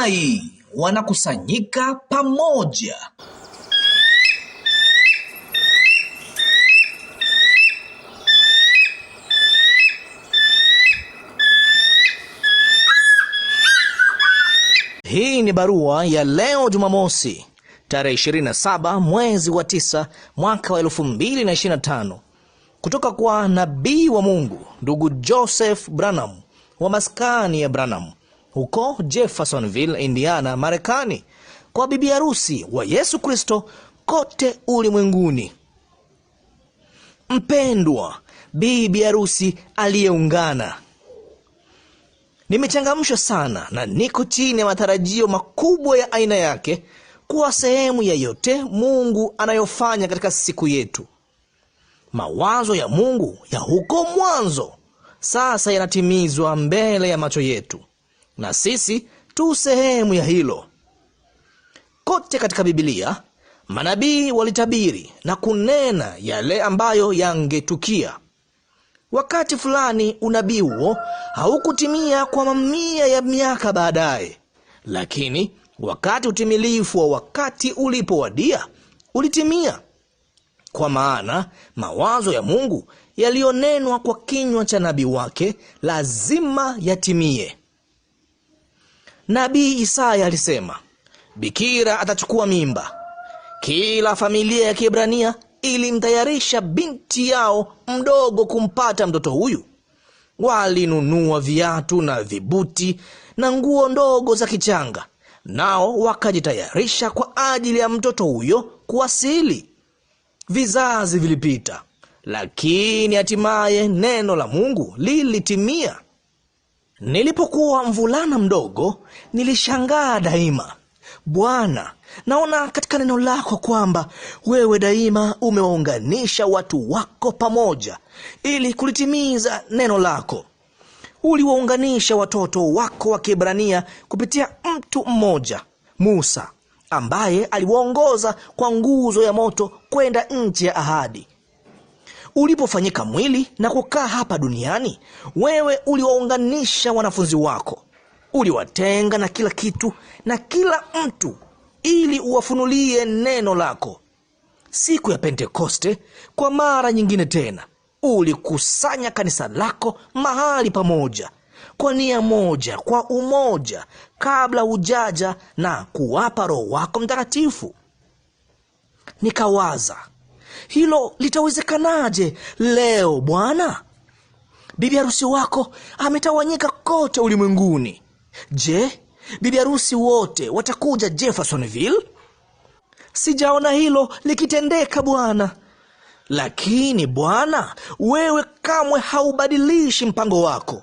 tai wanakusanyika pamoja. Hii ni barua ya leo Jumamosi tarehe 27 mwezi wa 9 mwaka wa 2025 kutoka kwa nabii wa Mungu ndugu Joseph Branham wa maskani ya Branham huko Jeffersonville, Indiana, Marekani, kwa bibi harusi wa Yesu Kristo kote ulimwenguni. Mpendwa bibi harusi aliyeungana, nimechangamshwa sana na niko chini ya matarajio makubwa ya aina yake kuwa sehemu ya yote Mungu anayofanya katika siku yetu. Mawazo ya Mungu ya huko mwanzo sasa yanatimizwa mbele ya macho yetu na sisi tu sehemu ya hilo. Kote katika Biblia manabii walitabiri na kunena yale ambayo yangetukia. Wakati fulani unabii huo haukutimia kwa mamia ya miaka baadaye, lakini wakati utimilifu wa wakati ulipowadia ulitimia, kwa maana mawazo ya Mungu yaliyonenwa kwa kinywa cha nabii wake lazima yatimie. Nabii Isaya alisema bikira atachukua mimba. Kila familia ya Kiebrania ilimtayarisha binti yao mdogo kumpata mtoto huyu. Walinunua viatu na vibuti na nguo ndogo za kichanga, nao wakajitayarisha kwa ajili ya mtoto huyo kuwasili. Vizazi vilipita, lakini hatimaye neno la Mungu lilitimia. Nilipokuwa mvulana mdogo, nilishangaa daima. Bwana, naona katika neno lako kwamba wewe daima umewaunganisha watu wako pamoja ili kulitimiza neno lako. Uliwaunganisha watoto wako wa Kiebrania kupitia mtu mmoja, Musa, ambaye aliwaongoza kwa nguzo ya moto kwenda nchi ya ahadi ulipofanyika mwili na kukaa hapa duniani, wewe uliwaunganisha wanafunzi wako, uliwatenga na kila kitu na kila mtu, ili uwafunulie neno lako. Siku ya Pentekoste, kwa mara nyingine tena, ulikusanya kanisa lako mahali pamoja kwa nia moja, kwa umoja, kabla hujaja na kuwapa Roho wako Mtakatifu. Nikawaza, hilo litawezekanaje leo Bwana? Bibi harusi wako ametawanyika kote ulimwenguni. Je, bibi harusi wote watakuja Jeffersonville? Sijaona hilo likitendeka Bwana. Lakini Bwana, wewe kamwe haubadilishi mpango wako,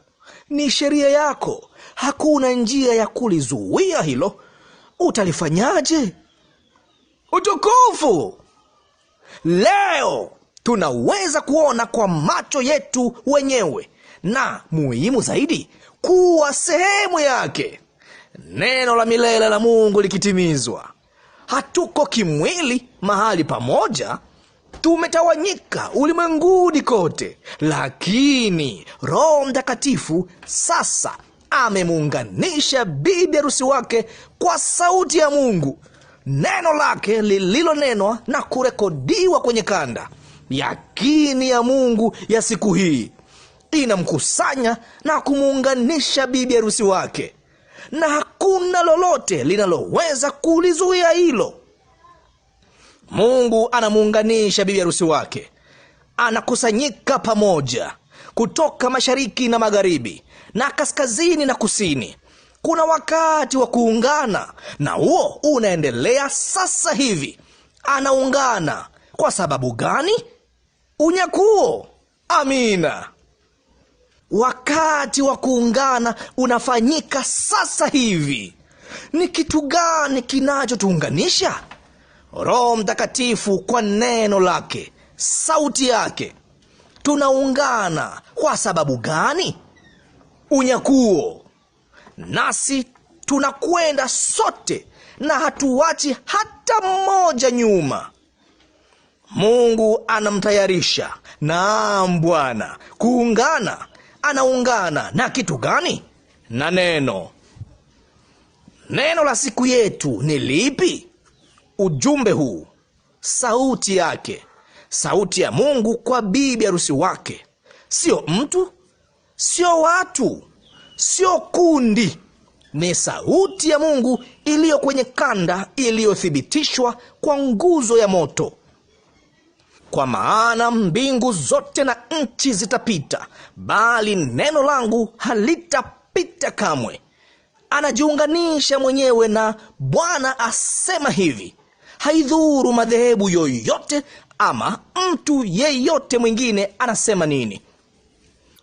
ni sheria yako, hakuna njia ya kulizuia hilo. Utalifanyaje? Utukufu! Leo tunaweza kuona kwa macho yetu wenyewe, na muhimu zaidi, kuwa sehemu yake, neno la milele la Mungu likitimizwa. Hatuko kimwili mahali pamoja, tumetawanyika ulimwenguni kote, lakini Roho Mtakatifu sasa amemuunganisha bibi harusi wake kwa sauti ya Mungu neno lake lililonenwa na kurekodiwa kwenye kanda. Yakini ya Mungu ya siku hii inamkusanya na kumuunganisha bibi harusi wake, na hakuna lolote linaloweza kulizuia hilo. Mungu anamuunganisha bibi harusi wake, anakusanyika pamoja kutoka mashariki na magharibi na kaskazini na kusini kuna wakati wa kuungana, na huo unaendelea sasa hivi. Anaungana kwa sababu gani? Unyakuo. Amina. Wakati wa kuungana unafanyika sasa hivi. Ni kitu gani kinachotuunganisha? Roho Mtakatifu kwa neno lake, sauti yake. Tunaungana kwa sababu gani? Unyakuo nasi tunakwenda sote na hatuwachi hata mmoja nyuma. Mungu anamtayarisha. Naam Bwana. Kuungana, anaungana na kitu gani? Na neno. Neno la siku yetu ni lipi? Ujumbe huu, sauti yake, sauti ya Mungu kwa bibi harusi wake, sio mtu, sio watu sio kundi, ni sauti ya Mungu iliyo kwenye kanda iliyothibitishwa kwa nguzo ya moto. Kwa maana mbingu zote na nchi zitapita, bali neno langu halitapita kamwe. Anajiunganisha mwenyewe na Bwana asema hivi. Haidhuru madhehebu yoyote ama mtu yeyote mwingine anasema nini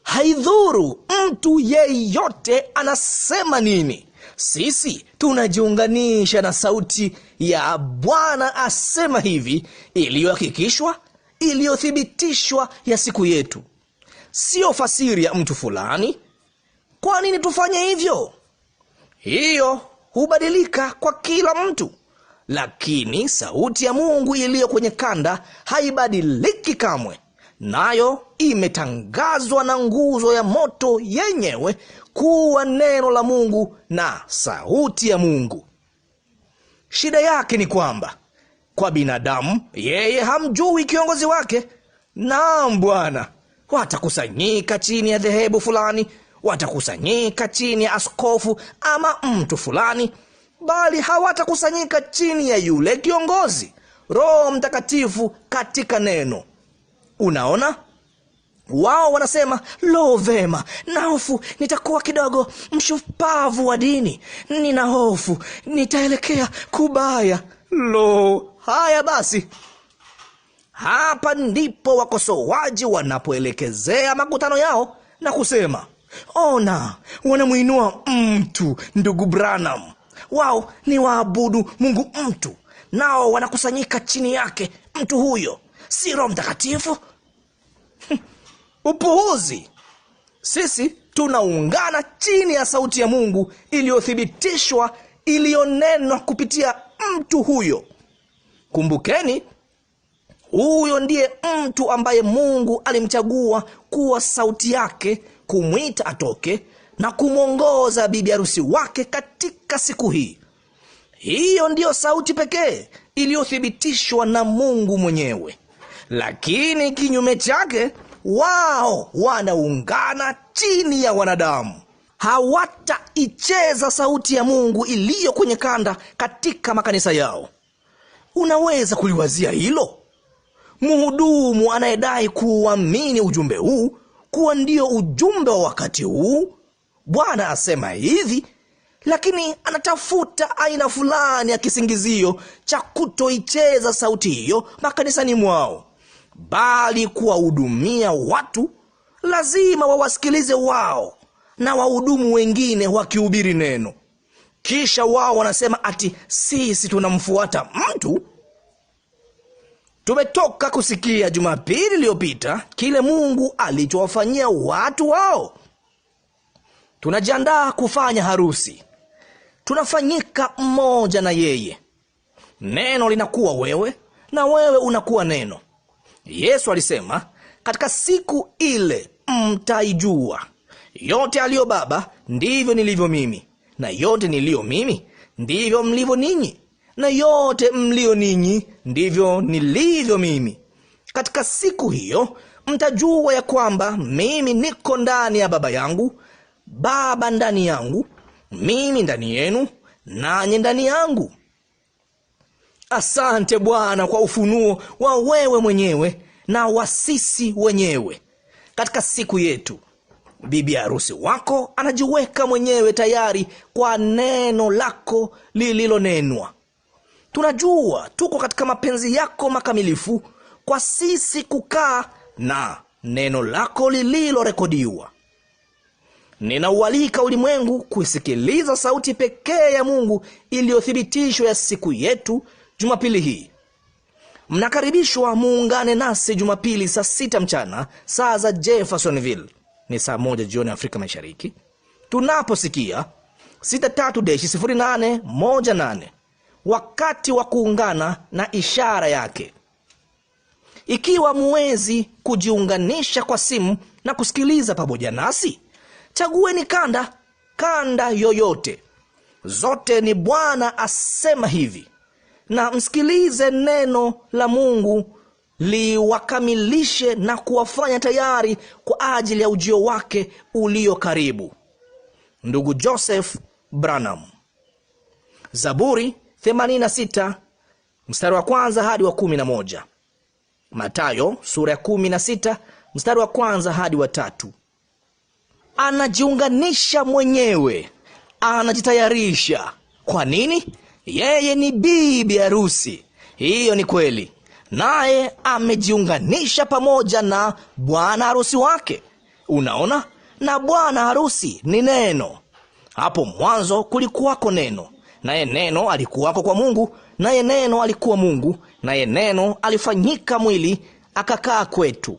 haidhuru mtu yeyote anasema nini, sisi tunajiunganisha na sauti ya Bwana asema hivi, iliyohakikishwa, iliyothibitishwa ya siku yetu, siyo fasiri ya mtu fulani. Kwa nini tufanye hivyo? Hiyo hubadilika kwa kila mtu, lakini sauti ya Mungu iliyo kwenye kanda haibadiliki kamwe nayo imetangazwa na nguzo ya moto yenyewe kuwa neno la Mungu na sauti ya Mungu. Shida yake ni kwamba kwa binadamu yeye hamjui kiongozi wake. Naam Bwana, watakusanyika chini ya dhehebu fulani, watakusanyika chini ya askofu ama mtu fulani, bali hawatakusanyika chini ya yule kiongozi, Roho Mtakatifu katika neno. Unaona, wao wanasema lo, vema, na hofu nitakuwa kidogo mshupavu wa dini, nina hofu nitaelekea kubaya. Lo, haya basi, hapa ndipo wakosoaji wanapoelekezea makutano yao na kusema ona, wanamwinua mtu ndugu Branham. Wao ni waabudu Mungu mtu, nao wanakusanyika chini yake mtu huyo si Roho Mtakatifu? Upuuzi! Sisi tunaungana chini ya sauti ya Mungu iliyothibitishwa, iliyonenwa kupitia mtu huyo. Kumbukeni, huyo ndiye mtu ambaye Mungu alimchagua kuwa sauti yake, kumwita atoke na kumwongoza bibi harusi wake katika siku hii. Hiyo ndiyo sauti pekee iliyothibitishwa na Mungu mwenyewe lakini kinyume chake wao wanaungana chini ya wanadamu. Hawataicheza sauti ya Mungu iliyo kwenye kanda katika makanisa yao. Unaweza kuliwazia hilo? Mhudumu anayedai kuuamini ujumbe huu kuwa ndio ujumbe wa wakati huu, Bwana asema hivi, lakini anatafuta aina fulani ya kisingizio cha kutoicheza sauti hiyo makanisani mwao bali kuwahudumia watu, lazima wawasikilize wao na wahudumu wengine wakihubiri neno. Kisha wao wanasema ati sisi tunamfuata mtu. Tumetoka kusikia Jumapili iliyopita kile Mungu alichowafanyia watu wao. Tunajiandaa kufanya harusi, tunafanyika mmoja na yeye. Neno linakuwa wewe na wewe unakuwa neno. Yesu alisema, katika siku ile mtaijua yote aliyo Baba ndivyo nilivyo mimi, na yote niliyo mimi ndivyo mlivyo ninyi, na yote mlio ninyi ndivyo nilivyo mimi. Katika siku hiyo mtajua ya kwamba mimi niko ndani ya Baba yangu, Baba ndani yangu, mimi ndani yenu, nanyi ndani yangu. Asante Bwana kwa ufunuo wa wewe mwenyewe na wa sisi wenyewe katika siku yetu. Bibi harusi wako anajiweka mwenyewe tayari kwa neno lako lililonenwa. Tunajua tuko katika mapenzi yako makamilifu kwa sisi kukaa na neno lako lililorekodiwa. Ninaualika ulimwengu kuisikiliza sauti pekee ya Mungu iliyothibitishwa ya siku yetu Jumapili hii mnakaribishwa muungane nasi Jumapili saa sita mchana saa za Jeffersonville ni saa moja jioni Afrika Mashariki, tunaposikia 63-0818 wakati wa kuungana na ishara yake. Ikiwa muwezi kujiunganisha kwa simu na kusikiliza pamoja nasi, chagueni kanda, kanda yoyote, zote ni Bwana asema hivi na msikilize neno la Mungu liwakamilishe na kuwafanya tayari kwa ajili ya ujio wake ulio karibu. Ndugu Joseph Branham. Zaburi 86 mstari wa kwanza hadi wa kumi na moja. Matayo sura ya kumi na sita mstari wa kwanza hadi wa tatu. Anajiunganisha mwenyewe, anajitayarisha. Kwa nini? Yeye ni bibi harusi, hiyo ni kweli, naye amejiunganisha pamoja na bwana harusi wake. Unaona, na bwana harusi ni neno. Hapo mwanzo kulikuwako neno, naye neno alikuwako kwa Mungu, naye neno alikuwa Mungu, naye neno alifanyika mwili akakaa kwetu.